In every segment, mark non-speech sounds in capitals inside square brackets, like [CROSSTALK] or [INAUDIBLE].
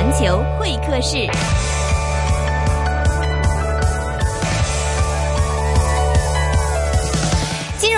冠軍會客室。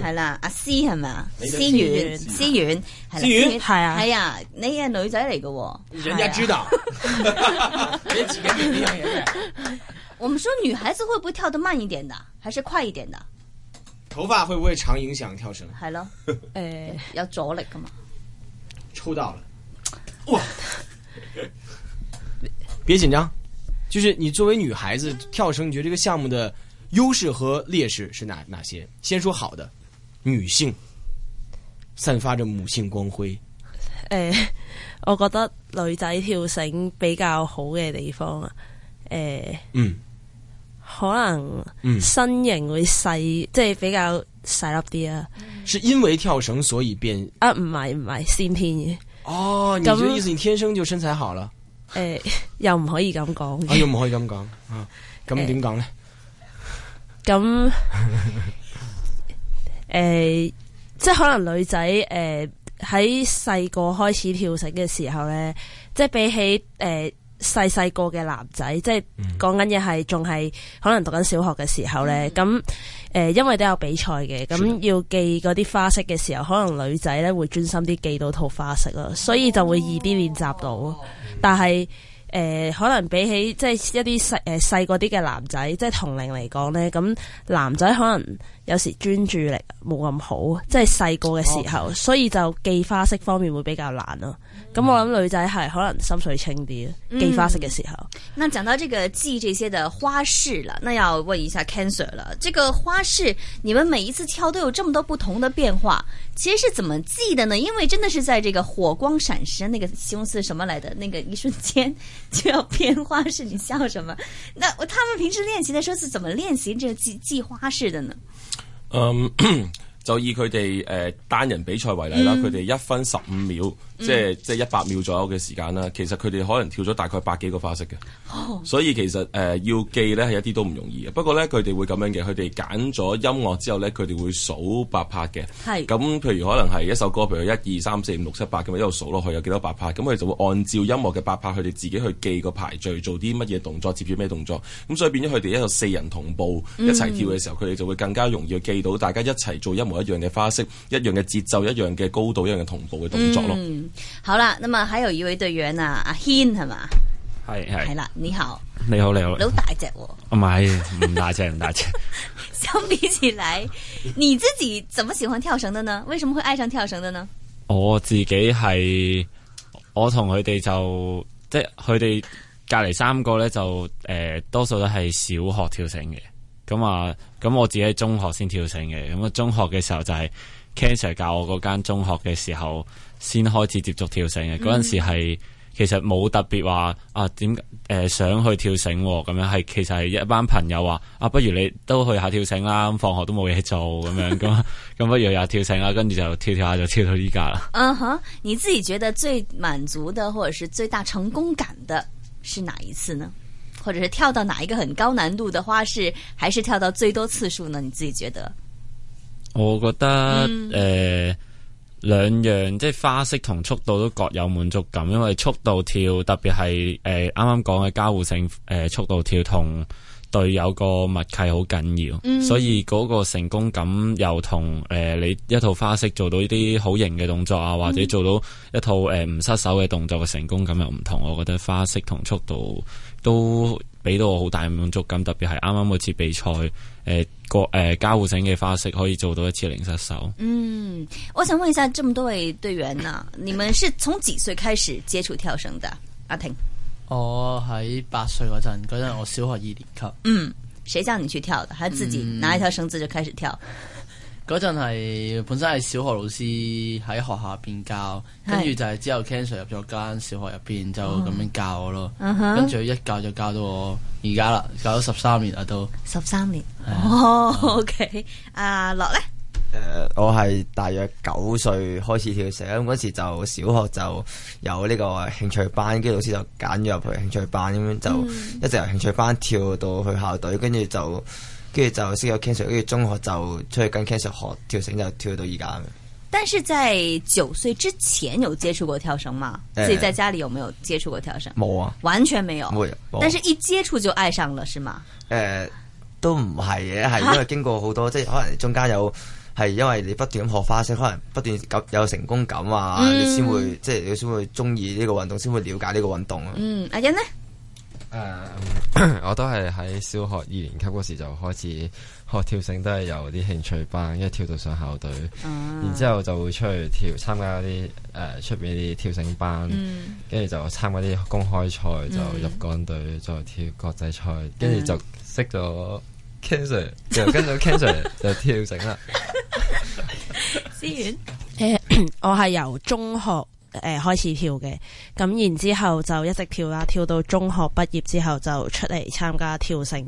係啦，阿思係咪啊？思遠，思遠，思係啊，係啊，你係女仔嚟嘅，人家豬嗒，別幾個女嘅，我們說女孩子會不會跳得慢一點的，還是快一點的？頭髮會不會常影響跳繩？係咯，誒，有阻力噶嘛？抽到了，哇！別緊張，就是你作為女孩子跳繩，你覺得這個項目的優勢和劣勢是哪哪些？先說好的。女性散發着母性光輝。誒、呃，我覺得女仔跳繩比較好嘅地方啊，誒、呃，嗯，可能，身形會細，嗯、即係比較細粒啲啊。是因為跳繩所以變？啊，唔係唔係先天嘅。哦，你嘅意思你天生就身材好了？誒、呃，又唔可以咁講、啊。又唔可以咁講啊？咁點講咧？咁、啊。 [LAUGHS] 誒、呃，即係可能女仔誒喺細個開始跳繩嘅時候呢，即係比起誒細細個嘅男仔，嗯、即係講緊嘢係仲係可能讀緊小學嘅時候呢，咁誒因為都有比賽嘅，咁要記嗰啲花式嘅時候，可能女仔呢會專心啲記到套花式咯，所以就會易啲練習到，哦、但係。誒、呃、可能比起即係一啲細誒細個啲嘅男仔，即係、呃、同齡嚟講呢，咁男仔可能有時專注力冇咁好，即係細個嘅時候，Okay. 所以就記花式方面會比較難咯、啊。咁、嗯、我諗女仔係可能心水清啲，記花式嘅時候、嗯。那講到這個記這些的花式了，那要問一下 Cancer 了，這個花式你們每一次跳都有這麼多不同的變化，其實是怎麼記的呢？因為真的是在這個火光閃閃，那個形容詞什麼來的？那個一瞬間。就要編花式，你笑什麼？那他們平時練習的時候是怎麼練習這個系花式的呢？嗯，就以佢哋誒單人比賽為例啦，佢哋一分十五秒。即係即係一百秒左右嘅時間啦，其實佢哋可能跳咗大概百幾個花式嘅，哦、所以其實誒、呃、要記咧係一啲都唔容易嘅。不過咧佢哋會咁樣嘅，佢哋揀咗音樂之後咧，佢哋會數八拍嘅。係咁是，譬如可能係一首歌，譬如 1, 2, 3, 4, 5, 6, 7, 8, 一二三四五六七八咁啊，一路數落去有幾多八拍，咁佢就會按照音樂嘅八拍，佢哋自己去記個排序，做啲乜嘢動作，接住咩動作。咁所以變咗佢哋一個四人同步一齊跳嘅時候，佢哋、嗯、就會更加容易記到大家一齊做一模一樣嘅花式、一樣嘅節奏、一樣嘅高度、一樣嘅同步嘅動作咯。嗯好啦，咁啊，還有一位隊員啊，阿軒係嘛？係係係啦，你好，你好你好，你好，你好大隻喎？唔係，唔大隻唔大隻。 [LAUGHS] [LAUGHS] 相比起來，你自己怎麼喜歡跳繩的呢？為什麼會愛上跳繩的呢？我自己係我同佢哋就即係佢哋隔籬三個咧就誒、呃，多數都係小學跳繩嘅。咁啊，咁我自己係中學先跳繩嘅。咁啊，中學嘅時候就係 Ken Sir 教我嗰間中學嘅時候。先開始接觸跳繩嘅嗰陣時係其實冇特別話啊點誒、呃、想去跳繩咁樣，係其實係一班朋友話啊，不如你都去下跳繩啦，咁放學都冇嘢做咁樣，咁咁不如又跳繩啦，跟住就跳下就跳下就跳到依家啦。嗯哼、uh-huh. 你自己覺得最滿足的或者是最大成功感的是哪一次呢？或者是跳到哪一個很高難度的花式，是還是跳到最多次數呢？你自己覺得？我覺得誒。呃嗯兩樣即係花式同速度都各有滿足感，因為速度跳特別係誒啱啱講嘅交互性，誒、呃呃、速度跳同隊友個默契好緊要，嗯、所以嗰個成功感又同誒、呃、你一套花式做到呢啲好型嘅動作啊，或者做到一套誒唔、呃、失手嘅動作嘅成功感又唔同。我覺得花式同速度都。俾到我好大滿足感，特別係啱啱嗰次比賽，誒個誒交互繩嘅花式可以做到一次零失手。嗯，我想問一下，這麼多位隊員啊， [COUGHS] 你們是從幾歲開始接觸跳繩的？阿、啊、婷，我喺八歲嗰陣，嗰陣我小學二年級。嗯，誰叫你去跳的？還自己拿一條繩子就開始跳。嗯 [COUGHS] 嗰陣係本身係小學老師喺學校入邊教，跟住是就係之後 Cancer 入咗間小學入邊，嗯、就咁樣教咯。跟住、嗯、哼一教就教到我而家啦，教咗十三年啊都十三年。嗯、哦、嗯、OK、uh、阿樂咧？誒，我係大約九歲開始跳繩，咁嗰時就小學就有呢個興趣班，跟住老師就揀咗入去興趣班，咁樣就一直由興趣班跳到去校隊，跟住、嗯、就。跟住就識咗 cancer，跟住中學就出去跟 cancer 學跳繩，就跳到而家。但是在九歲之前有接觸過跳繩嗎？自己、呃、在家裏有冇有接觸過跳繩？冇啊，完全沒有。冇，但是一接觸就愛上了，是嗎？誒、呃，都唔係嘅，係因為經過好多，啊、即係可能中間有係因為你不斷咁學花式，可能不斷咁有成功感啊，嗯、你先會即係你先會中意呢個運動，先會了解呢個運動、嗯、啊。嗯，阿欣呢？誒、uh, [COUGHS] 我都係喺小學二年級時就開始學跳繩都係由啲興趣班，跟住跳到上校隊，uh. 然之後就會出去跳參加啲誒出邊啲跳繩班，跟住、mm. 就參加啲公開賽就入港隊、mm. 再跳國際賽，Sir, [LAUGHS] 跟住就識咗 c a n c e rCan Sir 就跟咗 c a n c e rCan Sir 就跳繩啦。思遠，我係由中學，誒、呃，開始跳嘅，咁然之後就一直跳啦，跳到中學畢業之後就出嚟參加跳繩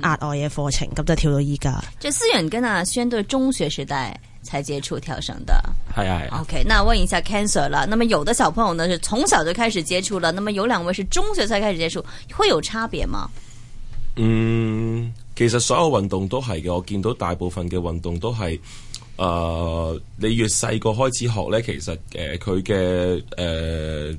額外嘅課程，咁、嗯、就跳到依家。就思遠跟阿宣都中學時代才接觸跳繩的，係啊，係。OK，那問一下 Cancer 啦，那麼有的小朋友呢是從小就開始接觸了，那麼有兩位是中學才開始接觸，會有差別嗎？嗯，其實所有運動都係嘅，我見到大部分嘅運動都係。誒，uh，你越細個開始學咧，其實誒佢嘅誒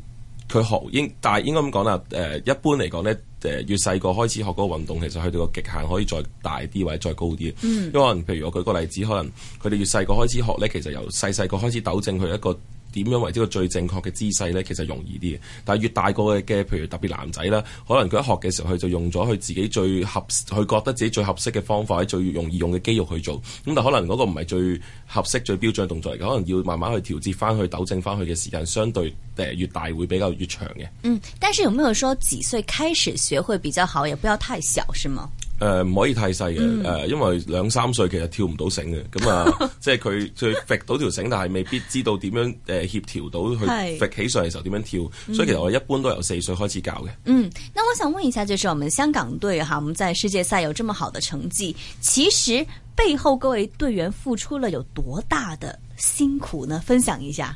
佢學應，但係應該咁講啦。誒、呃，一般嚟講咧，誒、呃、越細個開始學嗰個運動，其實佢哋個極限可以再大啲或者再高啲。嗯、因為可能，譬如我舉個例子，可能佢哋越細個開始學咧，其實由細細個開始糾正佢一個。點樣為呢個最正確嘅姿勢呢？其實容易啲，但係越大個嘅，譬如特別男仔啦，可能佢一學嘅時候，佢就用咗佢自己最合，佢覺得自己最合適嘅方法，最容易用嘅肌肉去做。咁但可能嗰個唔係最合適、最標準嘅動作嚟嘅，可能要慢慢去調節翻去，糾正翻去嘅時間，相對誒越大會比較越長嘅。嗯，但是有沒有說幾歲開始學會比較好，也不要太小，是嗎？誒，唔、呃、可以太細嘅，誒、嗯呃，因為兩三歲其實跳唔到繩嘅，咁啊， [LAUGHS] 即係佢佢搣到條繩，但係未必知道點樣誒協調到去搣起上嚟時候點樣跳，是所以其實我一般都由四歲開始教嘅。嗯，那我想問一下，就是我們香港隊哈、啊，我們在世界賽有這麼好的成績，其實背後各位隊員付出了有多大的辛苦呢？分享一下，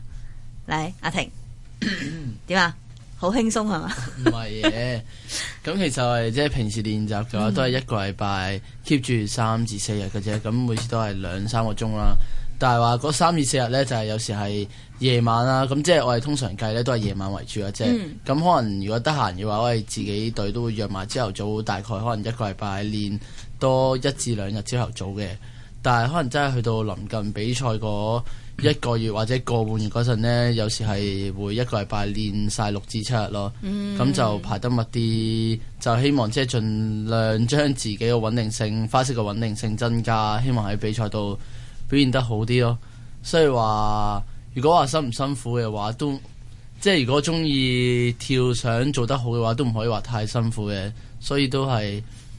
來阿婷點呀？ [COUGHS] [COUGHS] 好輕鬆係嘛？唔係嘅，咁 [LAUGHS] 其實係即係平時練習嘅話，都係一個禮拜 keep 住三至四日嘅啫。咁、嗯、每次都係兩三個鐘啦。但係話嗰三至四日呢，就係有時係夜晚啦。咁即係我哋通常計呢，都係夜晚為主嘅啫。咁、嗯嗯、可能如果得閒嘅話，我哋自己隊都會約埋朝頭早，大概可能一個禮拜練多一至兩日朝頭早嘅。但係可能真係去到臨近比賽嗰一個月或者過半月嗰陣呢，有時係會一個禮拜練晒六至七日咯，咁、嗯、就排得密啲。就希望即係盡量將自己嘅穩定性花式嘅穩定性增加，希望喺比賽度表現得好啲咯。所以話如果話辛唔辛苦嘅話，都即係如果鍾意跳想做得好嘅話，都唔可以話太辛苦嘅。所以都係。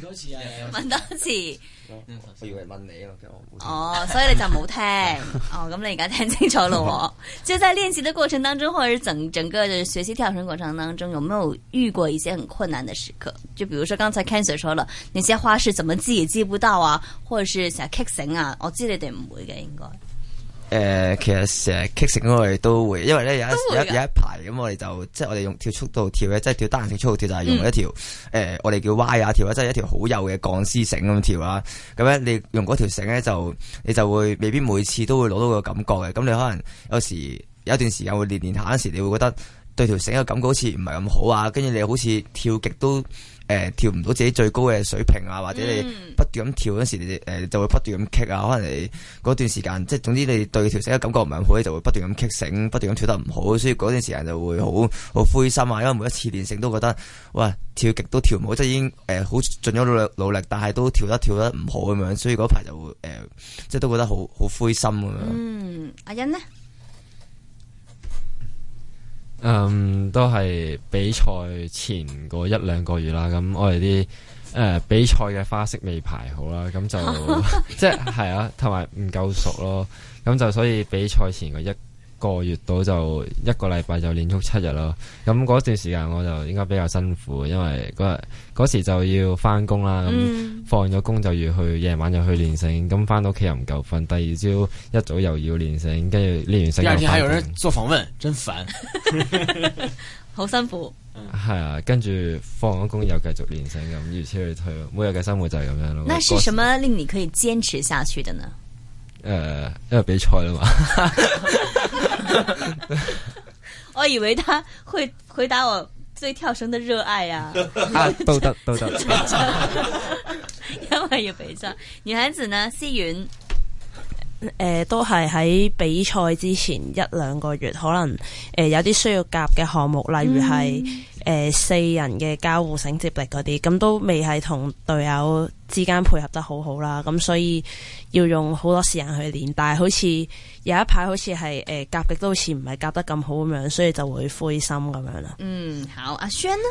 問多次 [LAUGHS] 我我，我以為問你啊，哦，oh, 所以你就冇聽，哦，咁你而家聽清楚咯。即係在練習嘅過程當中，或者整整個學習跳繩過程當中，有冇遇過一些很困難嘅時刻？就比如說剛才 Cancer 說了，那些花式怎麼記也記不到啊，或者是成日棘繩啊，我知你哋唔會嘅，應該。誒、呃，其實成日 kick 繩我哋都會，因為咧，有，有一有一排咁我哋就即係我哋用跳速度跳咧，即係跳單程速度跳就係用一條誒、嗯呃，我哋叫 Y 啊跳，即係一條好幼嘅鋼絲繩咁跳啊。咁樣你用嗰條繩咧就你就會，你就會未必每次都會攞到個感覺嘅。咁你可能有時有一段時間會練練下嗰時，你會覺得對條繩嘅感覺好似唔係咁好啊。跟住你好似跳極都。誒、欸，跳唔到自己最高嘅水平啊，或者你不斷咁跳嗰陣時，你、欸、誒就會不斷咁棘啊，可能你嗰段時間，即係總之你對條繩嘅感覺唔係好，所以就會不斷咁棘繩，不斷咁跳得唔好，所以嗰段時間就會好好灰心啊。因為每一次練繩都覺得，哇，跳極都跳唔好，即係已經誒好盡咗努努力，但係都跳得跳得唔好咁樣，所以嗰排就會誒、欸，即係都覺得好好灰心咁樣、嗯。阿欣呢？嗯，um, 都係比賽前個一兩個月啦，咁我哋啲誒比賽嘅花式未排好啦，咁就即係係啊，同埋唔夠熟咯，咁就所以比賽前個一個月到就一個禮拜就練足七日咯，咁嗰段時間我就應該比較辛苦，因為嗰嗰時就要翻工啦，咁放咗工就要去夜晚又去練醒，咁翻到屋企又唔夠瞓，第二朝一早又要練醒，跟住練完醒又翻工。第二天還有人做訪問，真煩，好辛苦。係啊，跟住放咗工又繼續練醒，咁如此類推，每日嘅生活就係咁樣咯。那是什麼令你可以堅持下去的呢？誒，因為比賽啊嘛。 [LAUGHS] 我以為他會回答我對跳繩的熱愛呀。啊，得得得得，因為要比賽。女孩子呢，思遠、呃、都係喺比賽之前一兩個月，可能、呃、有啲需要夾嘅項目，例如係。嗯誒、呃，四人嘅交互繩接力嗰啲，咁都未係同隊友之間配合得好好啦，咁所以要用好多時間去練。但係好似有一排，好似係誒夾極都好似唔係夾得咁好咁樣，所以就會灰心咁樣啦。嗯，好，阿軒呢？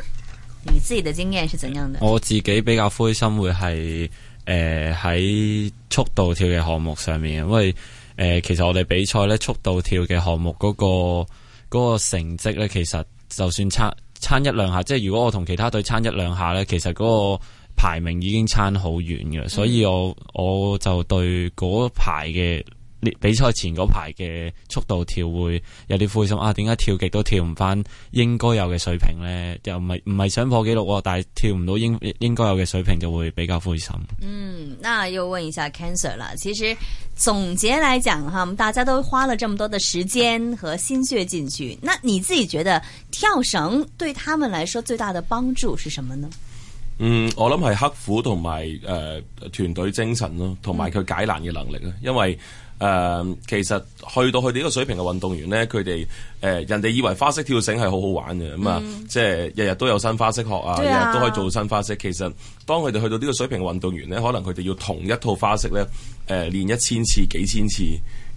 你自己的經驗是怎樣呢？我自己比較灰心會，會係誒喺速度跳嘅項目上面，因為誒、呃、其實我哋比賽咧，速度跳嘅項目嗰、那個、那個成績咧，其實就算差。差一兩下，即係如果我同其他隊差一兩下呢，其實嗰個排名已經差好遠嘅，所以我我就對嗰排嘅比賽前嗰排嘅速度跳會有啲灰心啊，點解跳極都跳唔返應該有嘅水平呢？又唔係唔係想破紀錄，但係跳唔到應應該有嘅水平就會比較灰心。嗯，那又問一下 Cancer 啦。其實總結嚟講，哈，大家都花了這麼多嘅時間和心血進去，嗯、那你自己覺得跳繩對他們來說最大嘅幫助是什麼呢？嗯，我諗係刻苦同埋誒團隊精神咯，同埋佢解難嘅能力咯，因為。誒，uh, 其實去到佢哋呢個水平嘅運動員呢，佢哋誒人哋以為花式跳繩係好好玩嘅，咁啊、mm. 嗯，即係日日都有新花式學啊，日日 Yeah. 都可以做新花式。其實當佢哋去到呢個水平嘅運動員呢，可能佢哋要同一套花式呢，誒、呃、練一千次、幾千次。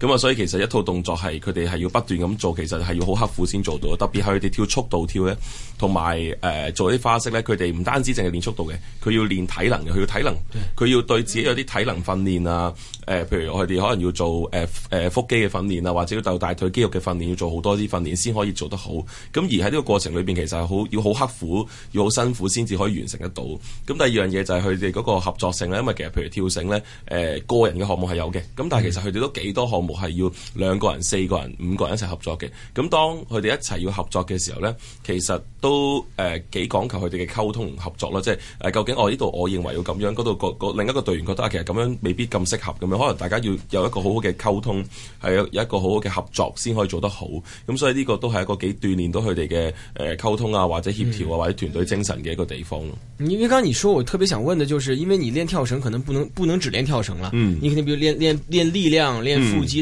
咁啊、嗯，所以其實一套動作係佢哋係要不斷咁做，其實係要好刻苦先做到。特別係佢哋跳速度跳咧，同埋誒做啲花式咧，佢哋唔單止淨係練速度嘅，佢要練體能嘅，佢要體能，佢要對自己有啲體能訓練啊。誒、呃、譬如佢哋可能要做誒誒、呃呃、腹肌嘅訓練啊，或者要做大腿肌肉嘅訓練，要做好多啲訓練先可以做得好。咁、呃、而喺呢個過程裏邊，其實係好要好刻苦，要好辛苦先至可以完成得到。咁、呃、第二樣嘢就係佢哋嗰個合作性咧，因為其實譬如跳繩咧，誒、呃、個人嘅項目係有嘅，咁但係其實佢哋都幾多項目。係要兩個人、四個人、五個人一齊合作嘅。咁當佢哋一齊要合作嘅時候咧，其實都誒幾講求佢哋嘅溝通同合作咯，即係誒、呃，究竟我呢度我認為要咁樣嗰度個個另一個隊員覺得，啊、其實咁樣未必咁適合咁樣，可能大家要有一個好好嘅溝通，係有一個好好嘅合作先可以做得好。咁、嗯嗯、所以呢個都係一個幾鍛煉到佢哋嘅誒溝通啊，或者協調啊，或者團隊精神嘅一個地方咯、就是。因為剛你說我特別想問嘅，就是因為你練跳繩可能不能不能只練跳繩啦，嗯、你肯定比如練練練力量、練腹肌。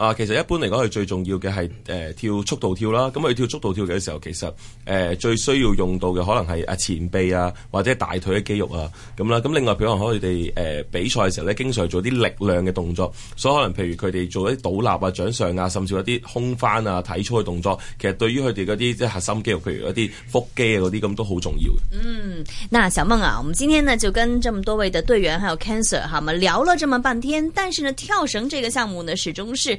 啊，其實一般嚟講，佢最重要嘅係誒跳速度跳啦。咁佢跳速度跳嘅時候，其實誒、呃、最需要用到嘅可能係啊前臂啊，或者大腿嘅肌肉啊，咁啦、啊。咁另外，譬如可能佢哋誒比賽嘅時候咧，經常做啲力量嘅動作，所以可能譬如佢哋做一啲倒立啊、掌上啊，甚至一啲空翻啊、體操嘅動作，其實對於佢哋嗰啲即係核心肌肉，譬如一啲腹肌啊嗰啲咁，都好重要。嗯，嗱，小孟啊，我們今天呢就跟這麼多位嘅隊員，還有 Cancer 哈，我們聊了這麼半天，但是呢跳繩這個項目呢，始終是。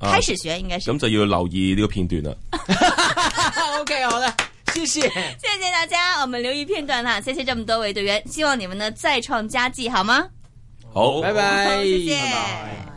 開始學應該是咁，就要留意呢個片段啦。 [LAUGHS] [LAUGHS] [LAUGHS] OK 好啦，謝謝， [LAUGHS] 謝謝大家，我們留意片段啦，謝謝這麼多位隊員，希望你們呢再創佳績，好嗎？好，拜拜 Bye bye,，謝謝。Bye bye